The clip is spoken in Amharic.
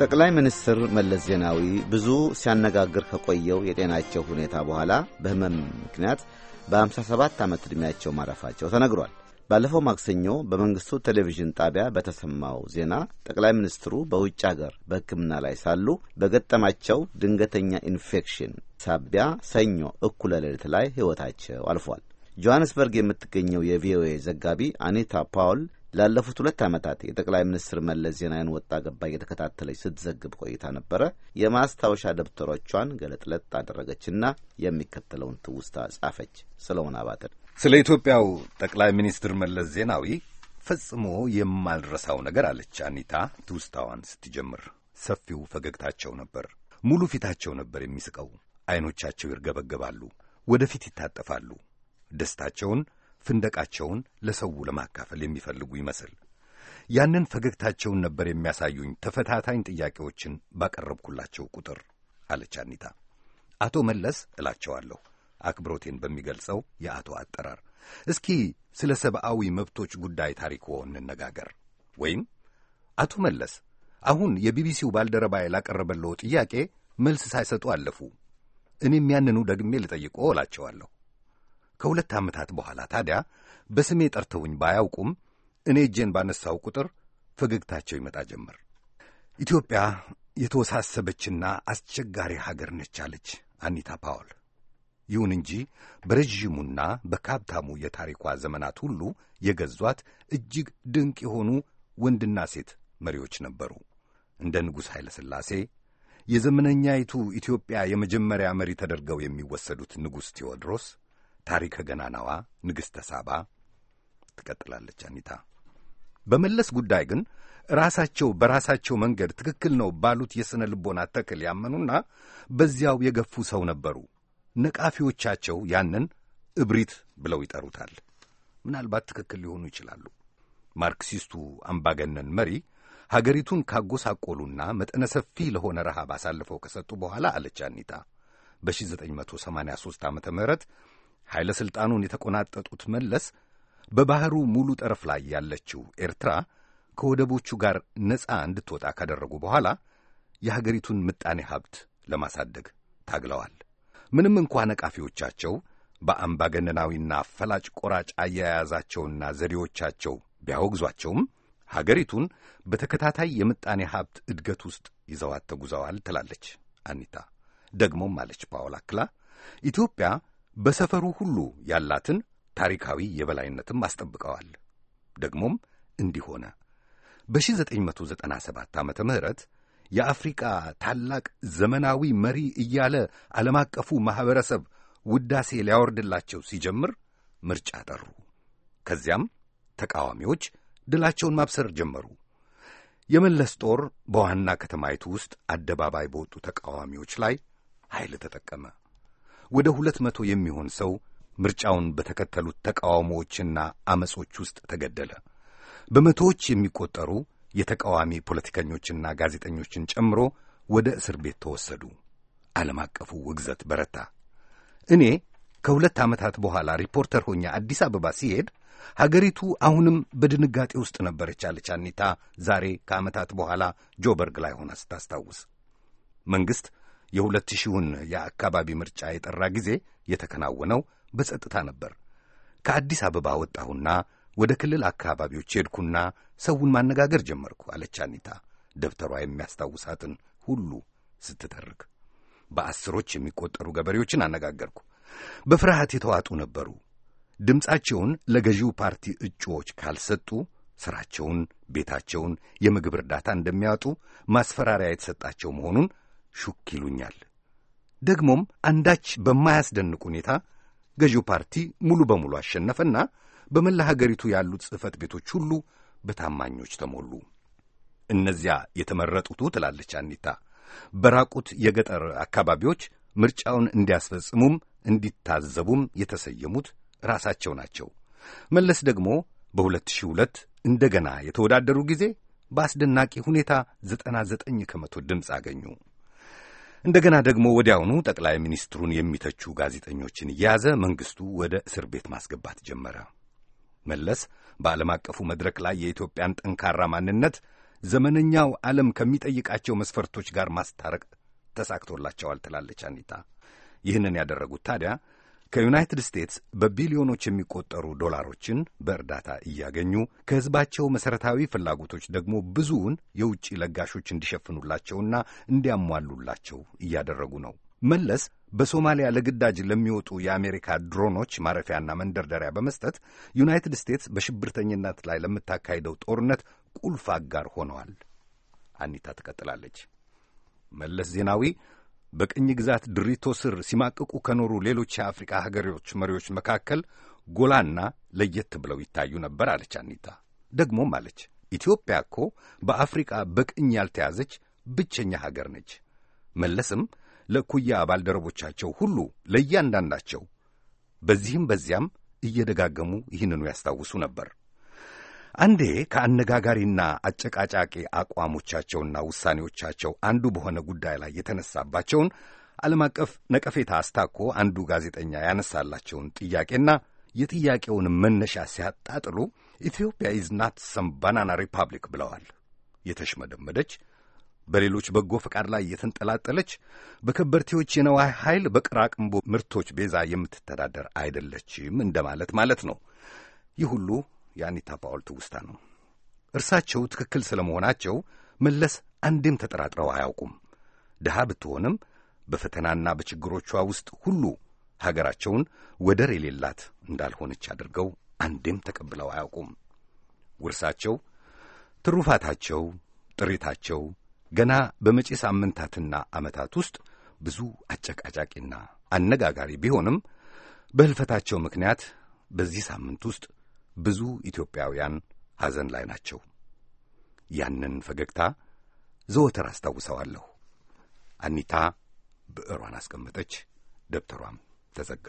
ጠቅላይ ሚኒስትር መለስ ዜናዊ ብዙ ሲያነጋግር ከቆየው የጤናቸው ሁኔታ በኋላ በህመም ምክንያት በ57 ዓመት ዕድሜያቸው ማረፋቸው ተነግሯል። ባለፈው ማክሰኞ በመንግሥቱ ቴሌቪዥን ጣቢያ በተሰማው ዜና ጠቅላይ ሚኒስትሩ በውጭ አገር በሕክምና ላይ ሳሉ በገጠማቸው ድንገተኛ ኢንፌክሽን ሳቢያ ሰኞ እኩለ ሌሊት ላይ ሕይወታቸው አልፏል። ጆሐንስበርግ የምትገኘው የቪኦኤ ዘጋቢ አኒታ ፓውል ላለፉት ሁለት ዓመታት የጠቅላይ ሚኒስትር መለስ ዜናዊን ወጣ ገባ እየተከታተለች ስትዘግብ ቆይታ ነበረ። የማስታወሻ ደብተሮቿን ገለጥለጥ አደረገችና የሚከተለውን ትውስታ ጻፈች። ስለሆነ አባትን። ስለ ኢትዮጵያው ጠቅላይ ሚኒስትር መለስ ዜናዊ ፈጽሞ የማልረሳው ነገር አለች አኒታ ትውስታዋን ስትጀምር። ሰፊው ፈገግታቸው ነበር። ሙሉ ፊታቸው ነበር የሚስቀው። አይኖቻቸው ይርገበገባሉ፣ ወደፊት ይታጠፋሉ። ደስታቸውን ፍንደቃቸውን ለሰው ለማካፈል የሚፈልጉ ይመስል ያንን ፈገግታቸውን ነበር የሚያሳዩኝ ተፈታታኝ ጥያቄዎችን ባቀረብኩላቸው ቁጥር አለች አኒታ። አቶ መለስ እላቸዋለሁ አክብሮቴን በሚገልጸው የአቶ አጠራር። እስኪ ስለ ሰብአዊ መብቶች ጉዳይ ታሪክ እንነጋገር። ወይም አቶ መለስ አሁን የቢቢሲው ባልደረባ ላቀረበለው ጥያቄ መልስ ሳይሰጡ አለፉ። እኔም ያንኑ ደግሜ ልጠይቆ እላቸዋለሁ። ከሁለት ዓመታት በኋላ ታዲያ በስሜ ጠርተውኝ ባያውቁም እኔ እጄን ባነሳው ቁጥር ፈገግታቸው ይመጣ ጀመር። ኢትዮጵያ የተወሳሰበችና አስቸጋሪ ሀገር ነች አለች አኒታ ፓውል። ይሁን እንጂ በረዥሙና በካብታሙ የታሪኳ ዘመናት ሁሉ የገዟት እጅግ ድንቅ የሆኑ ወንድና ሴት መሪዎች ነበሩ። እንደ ንጉሥ ኃይለ ሥላሴ፣ የዘመነኛይቱ ኢትዮጵያ የመጀመሪያ መሪ ተደርገው የሚወሰዱት ንጉሥ ቴዎድሮስ፣ ታሪከ ገናናዋ ንግሥተ ሳባ ትቀጥላለች አኒታ። በመለስ ጉዳይ ግን ራሳቸው በራሳቸው መንገድ ትክክል ነው ባሉት የሥነ ልቦና ተክል ያመኑና በዚያው የገፉ ሰው ነበሩ። ነቃፊዎቻቸው ያንን እብሪት ብለው ይጠሩታል። ምናልባት ትክክል ሊሆኑ ይችላሉ። ማርክሲስቱ አምባገነን መሪ ሀገሪቱን ካጎሳቆሉና መጠነ ሰፊ ለሆነ ረሃብ አሳልፈው ከሰጡ በኋላ አለች አኒታ በ1983 ዓ ም ኃይለ ሥልጣኑን የተቆናጠጡት መለስ በባሕሩ ሙሉ ጠረፍ ላይ ያለችው ኤርትራ ከወደቦቹ ጋር ነፃ እንድትወጣ ካደረጉ በኋላ የሀገሪቱን ምጣኔ ሀብት ለማሳደግ ታግለዋል። ምንም እንኳ ነቃፊዎቻቸው በአምባገነናዊና ፈላጭ ቆራጭ አያያዛቸውና ዘዴዎቻቸው ቢያወግዟቸውም ሀገሪቱን በተከታታይ የምጣኔ ሀብት እድገት ውስጥ ይዘዋት ተጉዘዋል ትላለች አኒታ። ደግሞም አለች ፓውላ አክላ ኢትዮጵያ በሰፈሩ ሁሉ ያላትን ታሪካዊ የበላይነትም አስጠብቀዋል። ደግሞም እንዲህ ሆነ። በ1997 ዓመተ ምህረት የአፍሪቃ ታላቅ ዘመናዊ መሪ እያለ ዓለም አቀፉ ማኅበረሰብ ውዳሴ ሊያወርድላቸው ሲጀምር ምርጫ ጠሩ። ከዚያም ተቃዋሚዎች ድላቸውን ማብሰር ጀመሩ። የመለስ ጦር በዋና ከተማይቱ ውስጥ አደባባይ በወጡ ተቃዋሚዎች ላይ ኃይል ተጠቀመ። ወደ ሁለት መቶ የሚሆን ሰው ምርጫውን በተከተሉት ተቃውሞዎችና አመጾች ውስጥ ተገደለ። በመቶዎች የሚቆጠሩ የተቃዋሚ ፖለቲከኞችና ጋዜጠኞችን ጨምሮ ወደ እስር ቤት ተወሰዱ። ዓለም አቀፉ ውግዘት በረታ። እኔ ከሁለት ዓመታት በኋላ ሪፖርተር ሆኛ አዲስ አበባ ሲሄድ ሀገሪቱ አሁንም በድንጋጤ ውስጥ ነበረች አለች አኒታ ዛሬ ከዓመታት በኋላ ጆበርግ ላይ ሆና ስታስታውስ መንግሥት የሁለት ሺውን የአካባቢ ምርጫ የጠራ ጊዜ የተከናወነው በጸጥታ ነበር። ከአዲስ አበባ ወጣሁና ወደ ክልል አካባቢዎች ሄድኩና ሰውን ማነጋገር ጀመርኩ አለች አኒታ ደብተሯ የሚያስታውሳትን ሁሉ ስትተርክ። በአስሮች የሚቆጠሩ ገበሬዎችን አነጋገርኩ። በፍርሃት የተዋጡ ነበሩ። ድምፃቸውን ለገዢው ፓርቲ እጩዎች ካልሰጡ ሥራቸውን፣ ቤታቸውን፣ የምግብ እርዳታ እንደሚያወጡ ማስፈራሪያ የተሰጣቸው መሆኑን ሹክ ይሉኛል። ደግሞም አንዳች በማያስደንቅ ሁኔታ ገዢው ፓርቲ ሙሉ በሙሉ አሸነፈና በመላ ሀገሪቱ ያሉት ጽህፈት ቤቶች ሁሉ በታማኞች ተሞሉ። እነዚያ የተመረጡቱ ትላለች አኒታ፣ በራቁት የገጠር አካባቢዎች ምርጫውን እንዲያስፈጽሙም እንዲታዘቡም የተሰየሙት ራሳቸው ናቸው። መለስ ደግሞ በ2002 እንደገና የተወዳደሩ ጊዜ በአስደናቂ ሁኔታ 99 ከመቶ ድምፅ አገኙ። እንደገና ደግሞ ወዲያውኑ ጠቅላይ ሚኒስትሩን የሚተቹ ጋዜጠኞችን እየያዘ መንግስቱ ወደ እስር ቤት ማስገባት ጀመረ። መለስ በዓለም አቀፉ መድረክ ላይ የኢትዮጵያን ጠንካራ ማንነት ዘመነኛው ዓለም ከሚጠይቃቸው መስፈርቶች ጋር ማስታረቅ ተሳክቶላቸዋል ትላለች አኒታ። ይህንን ያደረጉት ታዲያ ከዩናይትድ ስቴትስ በቢሊዮኖች የሚቆጠሩ ዶላሮችን በእርዳታ እያገኙ ከሕዝባቸው መሠረታዊ ፍላጎቶች ደግሞ ብዙውን የውጭ ለጋሾች እንዲሸፍኑላቸውና እንዲያሟሉላቸው እያደረጉ ነው። መለስ በሶማሊያ ለግዳጅ ለሚወጡ የአሜሪካ ድሮኖች ማረፊያና መንደርደሪያ በመስጠት ዩናይትድ ስቴትስ በሽብርተኝነት ላይ ለምታካሂደው ጦርነት ቁልፍ አጋር ሆነዋል። አኒታ ትቀጥላለች። መለስ ዜናዊ በቅኝ ግዛት ድሪቶ ስር ሲማቅቁ ከኖሩ ሌሎች የአፍሪካ ሀገሬዎች መሪዎች መካከል ጎላና ለየት ብለው ይታዩ ነበር አለች አኒታ። ደግሞም አለች ኢትዮጵያ እኮ በአፍሪቃ በቅኝ ያልተያዘች ብቸኛ ሀገር ነች። መለስም ለእኩያ ባልደረቦቻቸው ሁሉ ለእያንዳንዳቸው በዚህም በዚያም እየደጋገሙ ይህንኑ ያስታውሱ ነበር። አንዴ ከአነጋጋሪና አጨቃጫቂ አቋሞቻቸውና ውሳኔዎቻቸው አንዱ በሆነ ጉዳይ ላይ የተነሳባቸውን ዓለም አቀፍ ነቀፌታ አስታኮ አንዱ ጋዜጠኛ ያነሳላቸውን ጥያቄና የጥያቄውን መነሻ ሲያጣጥሉ ኢትዮጵያ ኢዝ ናት ሰም ባናና ሪፐብሊክ ብለዋል። የተሽመደመደች በሌሎች በጎ ፈቃድ ላይ የተንጠላጠለች በከበርቴዎች የነዋይ ኃይል በቅራቅንቦ ምርቶች ቤዛ የምትተዳደር አይደለችም እንደማለት ማለት ነው። ይህ ሁሉ የአኒታ ፓውል ትውስታ ነው። እርሳቸው ትክክል ስለ መሆናቸው መለስ አንድም ተጠራጥረው አያውቁም። ድሃ ብትሆንም በፈተናና በችግሮቿ ውስጥ ሁሉ ሀገራቸውን ወደር የሌላት እንዳልሆነች አድርገው አንድም ተቀብለው አያውቁም። ውርሳቸው፣ ትሩፋታቸው፣ ጥሪታቸው ገና በመጪ ሳምንታትና ዓመታት ውስጥ ብዙ አጨቃጫቂና አነጋጋሪ ቢሆንም በህልፈታቸው ምክንያት በዚህ ሳምንት ውስጥ ብዙ ኢትዮጵያውያን ሐዘን ላይ ናቸው። ያንን ፈገግታ ዘወትር አስታውሰዋለሁ። አኒታ ብዕሯን አስቀመጠች፣ ደብተሯም ተዘጋ።